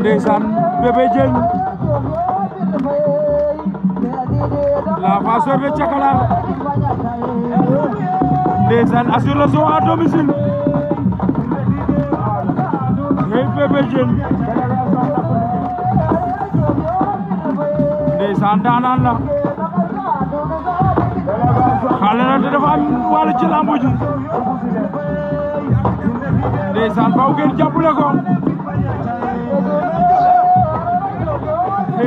ndeysaan Bébé Diène la passeur de Cakalar ndeysaan assure son à domicile hey Bébé Diène ndeysaan daanaan la xale na te dafa am wàllu ci lambu ji ndeysaan faw ngeen jàppale ko Hey,